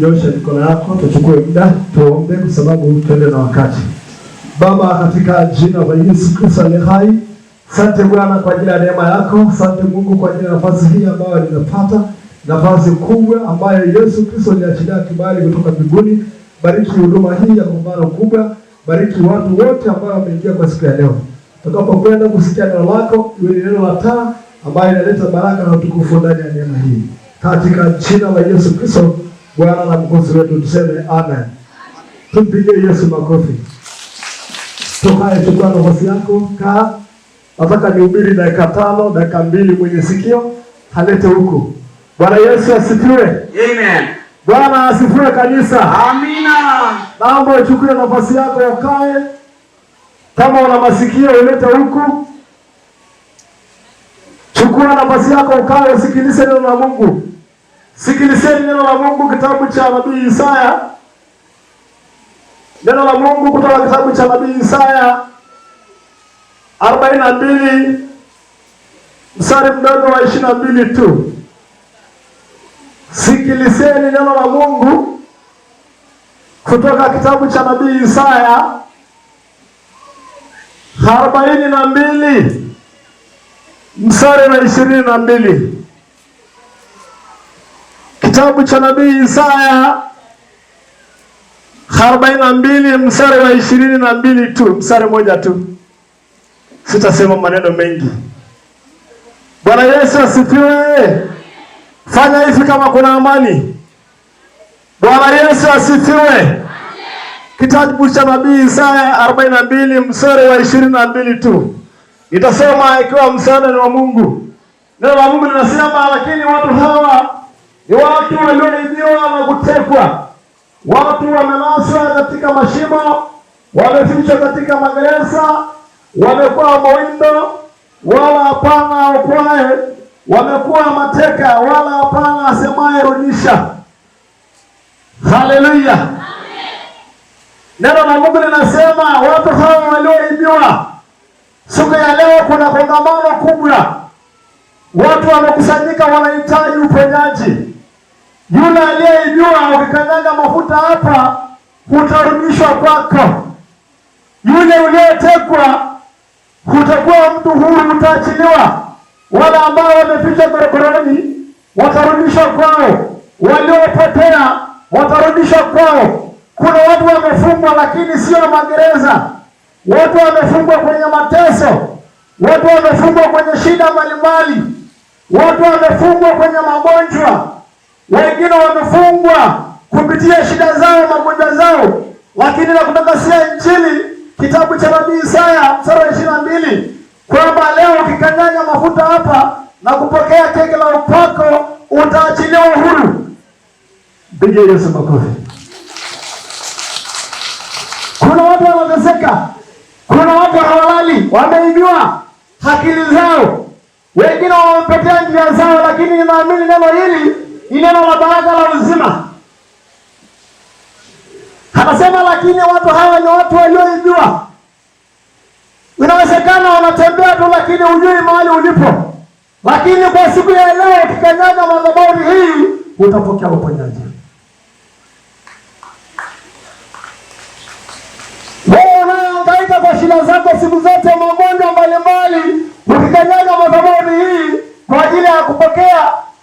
Nyosha mikono yako, tuchukue muda tuombe, kwa sababu tuende na wakati. Baba, katika jina la Yesu Kristo aliye hai, asante Bwana kwa ajili ya neema yako, asante Mungu kwa ajili ya nafasi hii ambayo nimepata, nafasi kubwa ambayo Yesu Kristo aliachilia kibali kutoka mbinguni. Bariki huduma hii ya kongamano kubwa, bariki watu wote ambao wameingia kwa siku ya leo, tutakapokwenda kusikia neno lako, iwe neno la taa ambayo inaleta baraka na utukufu ndani ya neema hii, katika jina la Yesu Kristo Bwana na mkozi wetu, tuseme amen. Tumpigie Yesu makofi. Tukae, chukua nafasi yako, kaa. Nataka nihubiri dakika tano, dakika mbili, mwenye sikio halete huku. Bwana Yesu asifiwe. Amen. Bwana asifiwe kanisa. Amina. Naomba uchukue nafasi yako ya kae. Kama una masikio ulete huku. Chukua nafasi yako ukae usikilize neno la Mungu. Sikilizeni neno la Mungu kitabu cha nabii Isaya, neno la Mungu kutoka kitabu cha nabii Isaya arobaini na mbili mstari mdogo wa 22 na mbili tu. Sikilizeni neno la Mungu kutoka kitabu cha nabii Isaya arobaini na mbili mstari wa ishirini na mbili kitabu cha nabii Isaya mbili mstari wa ishirini na mbili tu, mstari moja tu, sitasema maneno mengi. Bwana Yesu asifiwe. Fanya hivi kama kuna amani. Bwana Yesu asifiwe. Kitabu cha nabii Isaya mbili mstari wa ishirini na mbili tu, itasema ikiwa msaada ni wa Mungu. Neno la Mungu linasema, lakini watu hawa ni watu walioibiwa na kutekwa, watu wamelaswa katika mashimo, wamefichwa katika magereza, wamekuwa mawindo wala hapana aokoaye, wamekuwa mateka wala hapana asemaye rudisha. Haleluya, Neno la Mungu linasema watu hawa walioibiwa, siku ya leo kuna kongamano kubwa, watu wamekusanyika, wanahitaji uponyaji. Yule aliyeijua ukikanyaga mafuta hapa utarudishwa kwako. Yule uliyetekwa hutakuwa mtu huru, utaachiliwa. Wale ambao wamefichwa korokoroni watarudishwa kwao, waliopotea watarudishwa kwao. Kuna watu wamefungwa, lakini sio magereza. Watu wamefungwa kwenye mateso, watu wamefungwa kwenye shida mbalimbali, watu wamefungwa kwenye magonjwa wengine wamefungwa kupitia shida zao, magonjwa zao, lakini na kutakasia Injili kitabu cha nabii Isaya sura ya ishirini na mbili kwamba leo ukikanyanya mafuta hapa na kupokea keki la upako utaachiliwa uhuru. Piga Yesu makofi. Kuna watu wanateseka, kuna watu hawalali, wameibiwa akili zao, wengine wamepotea njia zao, lakini ninaamini neno hili ni neno la la uzima. Anasema lakini watu hawa ni watu walioijua. Inawezekana wanatembea tu, lakini hujui mahali ulipo, lakini kwa siku ya leo ukikanyaga madhabahu hii utapokea uponyaji. Wewe unayehangaika kwa shida zako siku zote, magonjwa mbalimbali, ukikanyaga madhabahu hii kwa ajili ya kupokea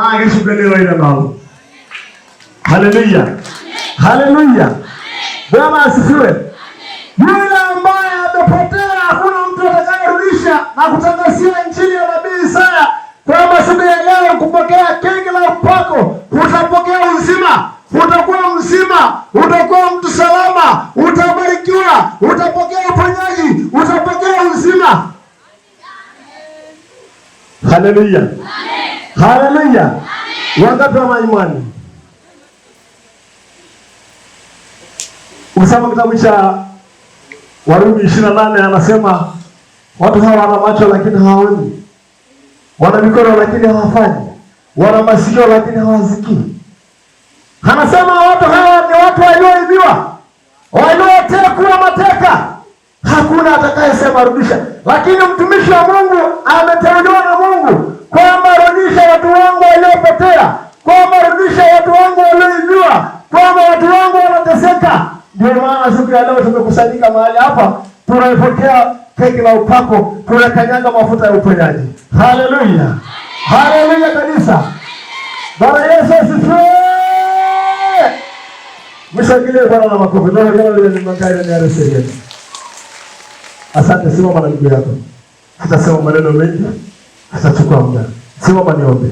నాకు శుభ్రమైన నావు Haleluya. Haleluya. Bwana asifiwe. Yule ambaye amepotea hakuna mtu atakayerudisha na kutangazia injili ya Isaya kwamba siku ya leo kupokea kenge la upako utapokea uzima, utakuwa mzima, utakuwa mtu salama, utabarikiwa, utapokea uponyaji, utapokea uzima. Haleluya. Haleluya! Wangapi wa maimani? Usama kitabu cha Warumi ishirini na nane anasema watu hawa wana macho lakini hawaoni, wana mikono lakini hawafanyi, wana masikio lakini hawasikii. Anasema watu hawa ni watu walioibiwa, waliotekwa mateka, hakuna atakayesema rudisha. Lakini mtumishi wa Mungu ameteuliwa kwamba rudisha watu wangu waliopotea, kwamba rudisha watu wangu walioijua, kwamba watu wangu wanateseka. Ndio maana siku ya leo tumekusanyika mahali hapa, tunaipokea keki la upako, tunakanyaga mafuta ya uponyaji. Haleluya, haleluya kanisa. Bwana Yesu asifiwe. Mshangilie Bwana na makofi. Ndio leo ni magari ya RC Asante, simama na miguu yako. Tutasema maneno mengi. Atachukua muda. Simama niombe.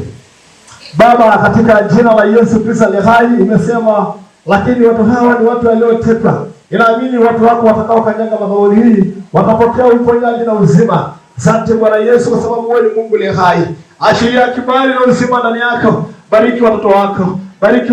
Baba, katika jina la Yesu Kristo aliye hai, umesema lakini watu hawa ni watu waliotekwa. Inaamini watu wako watakao kanyaga madhabahu hii watapokea uponyaji na uzima. Asante Bwana Yesu kwa sababu wewe ni Mungu aliye hai. Ashiria kibali na uzima ndani yako. Bariki watoto wako. Bariki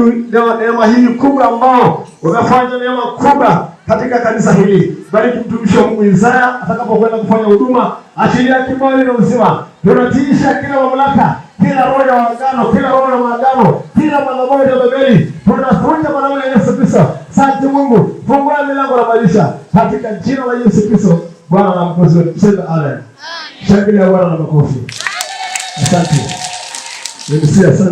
neema hii kubwa ambao umefanya neema kubwa katika kanisa hili. Bariki mtumishi wa Mungu Isaya atakapokwenda kufanya huduma ashiria kibali na uzima. Tunatiisha kila mamlaka, kila roho ya maagano, kila roho ya maagano, kila madhabahu ya Babeli, tunafunja kwa damu ya Yesu Kristo. Asante Mungu, fungua milango na maisha katika jina la Yesu Kristo, Bwana na mkozi wetu. Sema amen. Shangilia Bwana na makofi. Asante. Nimesikia, asante.